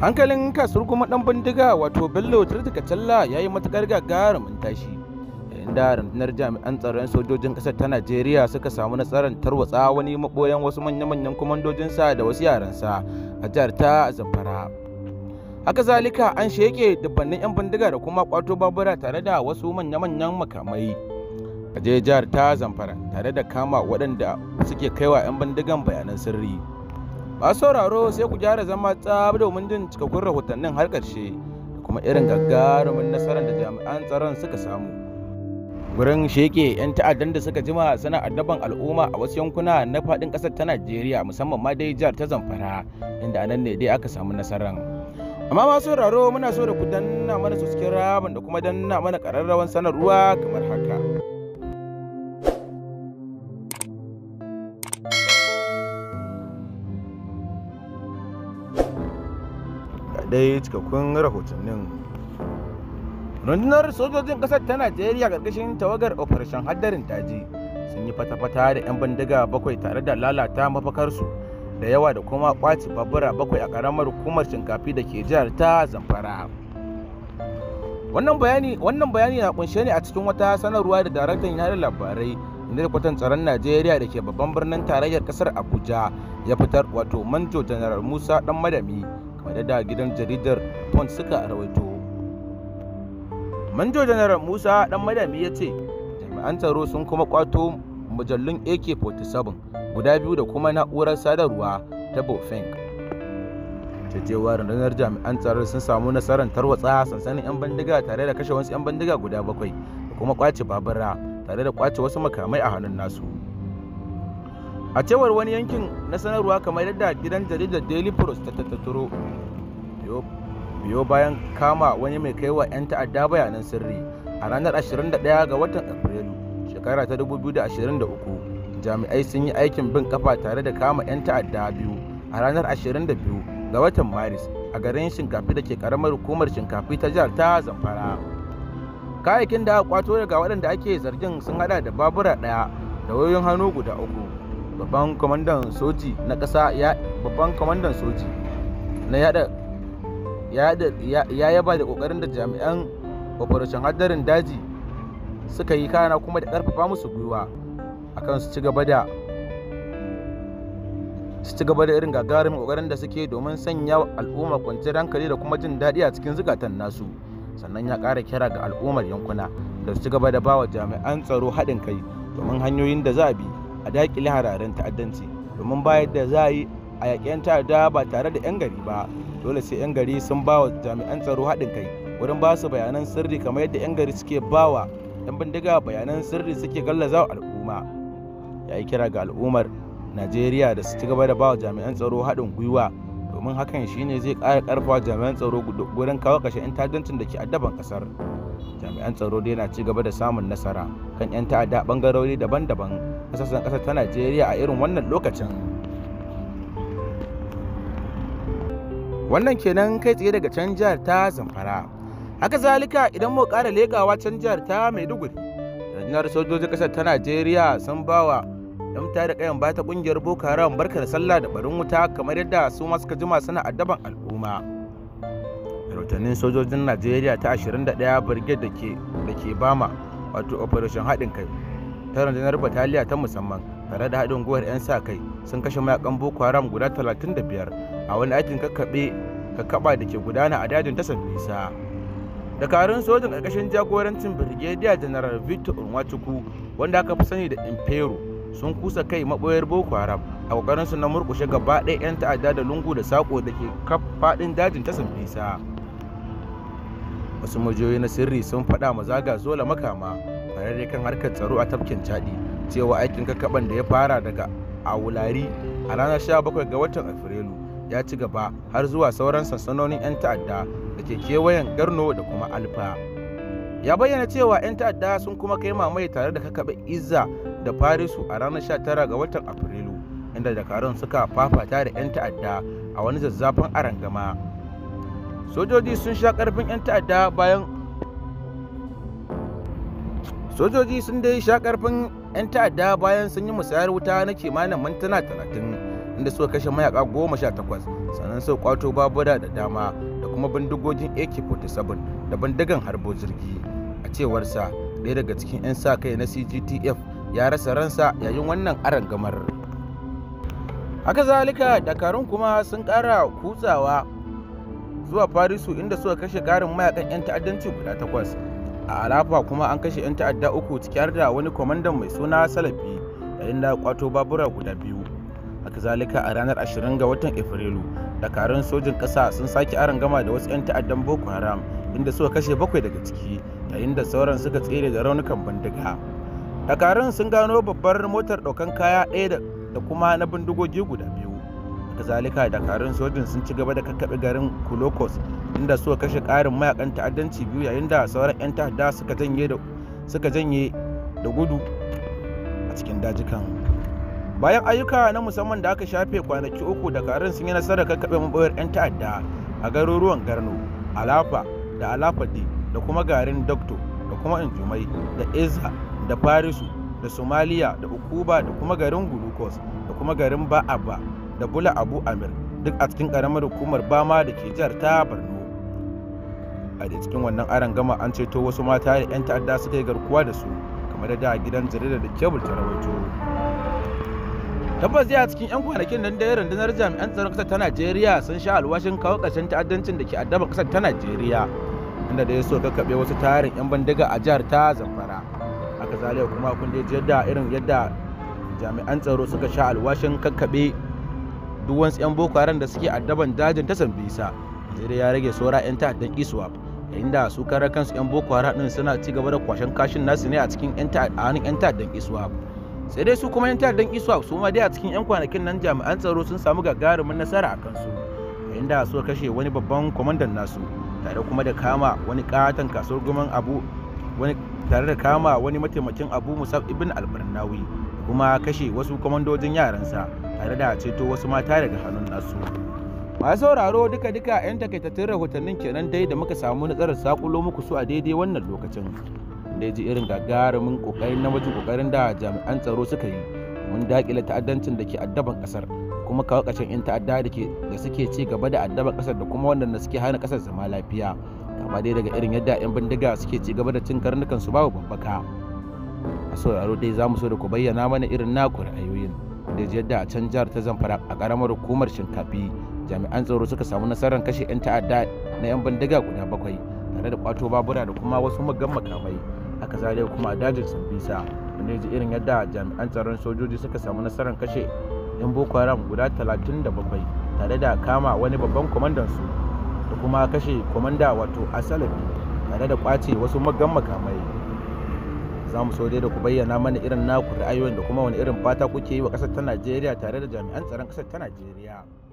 hankalin kasuwar kuma dan bindiga wato bello tirtikacalla ya yi matukar gagarumin tashi inda rundunar jami'an tsaron sojojin kasar ta najeriya suka samu nasarar tarwatsa wani maboyan wasu manya-manyan kwamandojinsa da wasu yaransa a jihar ta zamfara haka zalika an sheke dubbannin 'yan bindiga da kuma kwato babura tare da wasu manya-manyan makamai a jihar ta zamfara tare da kama waɗanda suke kaiwa 'yan bindigan bayanan sirri masu sauraro sai ku gyara zama tsab domin jin cikakkun rahotannin har ƙarshe da kuma irin gagarumin nasarar da jami'an tsaron suka samu gurin sheke 'yan ta'addan da suka jima suna addaban al'umma a wasu yankuna na faɗin ƙasar ta najeriya musamman ma dai jihar ta zamfara inda anan ne dai aka samu nasarar amma masu sauraro muna so da ku danna mana su cikin ramin da kuma danna mana ƙararrawan sanarwa kamar haka dai cikakkun rahotannin rundunar sojojin kasar ta najeriya karkashin tawagar operation hadarin daji sun yi fata-fata da 'yan bindiga bakwai tare da lalata mafakarsu da yawa da kuma kwaci babura bakwai a karamar hukumar shinkafi da ke jihar ta zamfara wannan bayani wannan bayani na kunshe ne a cikin wata sanarwa da daraktan yanar labarai na kwatan tsaron najeriya da ke babban birnin tarayyar kasar abuja ya fitar wato manjo janar musa dan madami da da gidan jaridar pond suka rawaito manjo janaral musa dan madami ya ce jami'an tsaro sun kuma kwato mujallun ak-47 guda biyu da kuma na'urar sadarwa ta bofeng cecewar ranar jami'an tsaron sun samu nasarar tarwatsa sansanin 'yan bandiga tare da kashe wasu 'yan bandiga guda bakwai da kuma kwace babura tare da kwace wasu makamai a hannun nasu a cewar wani yankin na sanarwa kamar yadda gidan jaridar daily post ta tattaro biyo bayan kama wani mai kaiwa 'yan ta'adda bayanan sirri a ranar 21 ga watan afrilu shekara ta 2023 jami'ai sun yi aikin bin kafa tare da kama 'yan ta'adda biyu a ranar 22 ga watan maris a garin shinkafi da ke karamar hukumar shinkafi ta jihar ta zamfara kayayyakin da aka kwato daga waɗanda ake zargin sun hada da babura ɗaya da wayoyin hannu guda uku babban kwamandan soji na ƙasa ya babban kwamandan soji na yada ya yaba da kokarin da jami'an operation hadarin daji suka yi kana kuma da karfafa musu gwiwa akan su ci gaba da su ci gaba da irin gagarumin kokarin da suke domin sanya al'umma kwanciyar hankali da kuma jin daɗi a cikin zukatan nasu sannan ya kara kira ga al'ummar yankuna da su ci gaba da bawa jami'an tsaro haɗin kai domin hanyoyin da za a bi a daƙile hararen ta'addanci domin bayar da za a yi a yaƙen ta ta'adda ba tare da 'yan gari ba dole sai 'yan gari sun ba wa jami'an tsaro haɗin kai wurin ba su bayanan sirri kamar yadda 'yan gari suke ba wa 'yan bindiga bayanan sirri suke gallaza wa al'umma ya yi kira ga al'ummar najeriya da su ci gaba da ba wa jami'an tsaro haɗin gwiwa domin hakan shine zai ƙara ƙarfafa jami'an tsaro gurin kawo ƙashe 'yan ta'addancin da ke addaban ƙasar jami'an tsaro dai na ci gaba da samun nasara kan 'yan ta'adda ɓangarori daban-daban ƙasashen ƙasar ta najeriya a irin wannan lokacin wannan kenan kai tsaye daga can jihar ta zamfara haka zalika idan mu kara legawa can jihar ta maiduguri rundunar sojojin kasar ta najeriya sun ba wa yan ta da kayan bata kungiyar boko haram barka da sallah da barin wuta kamar yadda su ma suka jima suna addaban al'umma rahotannin sojojin najeriya ta 21 birgit da ke bama wato operation haɗin kai ta rundunar bataliya ta musamman tare da haɗin gwiwar 'yan sa kai sun kashe mayakan boko haram guda 35 a wani aikin kakkaɓe kakkaɓa da ke gudana a dajin tasan nisa dakarun sojin ƙarƙashin jagorancin birgediya general victor unwachukwu wanda aka fi sani da impero sun kusa kai maɓoyar boko haram a ƙoƙarin su na murƙushe gaba ɗaya 'yan ta'adda da lungu da sako da ke kaf faɗin dajin tasar nisa wasu majiyoyi na sirri sun faɗa ma zaga zola makama kwararre kan harkar tsaro a tafkin caɗi cewa aikin kakaban da ya fara daga a wulari a ranar 17 ga watan afrilu ya ci gaba har zuwa sauran sansanonin 'yan ta'adda da ke kewayen garno da kuma alfa ya bayyana cewa 'yan ta'adda sun kuma kai mamaye tare da kakaɓe izza da farisu a ranar 19 ga watan afrilu inda dakarun suka fafata da 'yan ta'adda a wani zazzafan arangama sojoji sun sha karfin 'yan ta'adda bayan sojoji sun dai sha karfin 'yan ta'adda bayan sun yi musayar wuta na kimanin mintuna talatin. inda suka kashe mayaka goma sha takwas sannan suka kwato babura da dama da kuma bindigogin ak-47 da bindigan harbo jirgi a cewarsa ɗaya daga cikin 'yan sa kai na cgtf ya rasa ransa yayin wannan gamar. haka zalika dakarun kuma sun kara kutsawa zuwa farisu inda suka kashe karin mayakan 'yan ta'addanci guda takwas a alafa kuma an kashe 'yan ta'adda uku ciki har da wani kwamandan mai suna salafi yayin da kwato babura guda biyu a kazalika a ranar 20 ga watan afrilu dakarun sojin kasa sun sake aron gama da wasu 'yan ta'addan boko haram inda suka kashe bakwai daga ciki yayin da sauran suka tsere da raunukan bindiga dakarun sun gano babbar motar ɗaukan kaya ɗaya da kuma na bindigogi guda biyu kazalika dakarun sojin sun ci gaba da kakkaɓe garin kulokos inda suka kashe ƙarin mayakan ta'addanci biyu yayin da sauran 'yan ta'adda suka janye da gudu a cikin dajikan bayan ayyuka na musamman da aka shafe kwanaki uku da karin sun yi nasarar kakkaɓe mabawar 'yan ta'adda a garuruwan garno alafa da alafadi da kuma garin dokto da kuma injumai da eza da farisu da somaliya da ukuba da kuma garin gulukos da kuma garin ba'aba da bula abu amir duk a cikin karamar hukumar bama da ke jihar ta barno. a da cikin wannan aron gama an ceto wasu mata da 'yan ta'adda suka yi garkuwa da su kamar da a gidan jaridar da kebul ta rawaito tabbas dai a cikin 'yan kwanakin nan da rundunar jami'an tsaron kasar ta najeriya sun sha alwashin kawo ƙarshen ta'addancin da ke addaba kasar ta najeriya inda da ya so kakkaɓe wasu tarin 'yan bandiga a jihar ta zamfara haka zaliya kuma kun dai yadda irin yadda jami'an tsaro suka sha alwashin kakkaɓe duk wasu 'yan boko haram da suke addaban dajin ta sambisa najeriya ya rage saura 'yan ta'addan iswap e yayin da su kare kansu 'yan boko haram din suna ci gaba da kwashen kashin nasu ne a cikin 'yan ta'addan iswap e sai dai su kuma yan ta'addan iswa e su ma dai a cikin yan kwanakin nan jami'an tsaro sun samu gagarumin nasara a kansu yayin inda suka kashe wani babban kwamandan nasu tare kuma da kama wani katon kasuwar goman abu wani tare da kama wani mataimakin abu musab ibn albarnawi kuma kashe wasu kwamandojin yaransa tare da ceto wasu mata daga hannun nasu masu sauraro duka duka yan takaitattun rahotannin kenan dai da muka samu nasarar sakulo muku su a daidai wannan lokacin da ya ji irin gagarumin kokarin na wajen kokarin da jami'an tsaro suka yi domin dakile ta'addancin da ke addaban kasar kuma kawo ƙarshen 'yan ta'adda da suke ci gaba da addaban kasar da kuma da suke hana kasar zama lafiya kama dai daga irin yadda 'yan bindiga suke ci gaba da cin karnukan su babu babbaka a sauraro dai za mu so da ku bayyana mana irin naku ra'ayoyin da yadda a can jihar ta zamfara a ƙaramar hukumar shinkafi jami'an tsaro suka samu nasarar kashe 'yan ta'adda na 'yan bindiga guda bakwai tare da kwato babura da kuma wasu magan makamai haka kuma a dajin bisa wanda ji irin yadda jami'an tsaron sojoji suka samu nasarar kashe yan boko haram guda 37 tare da kama wani babban kwamandan su da kuma kashe kwamanda wato asalabi tare da kwace wasu magan makamai za mu so dai da ku bayyana mana irin naku ra'ayoyin da kuma wani irin fata kuke yi wa ƙasar ta najeriya tare da jami'an tsaron ƙasar ta najeriya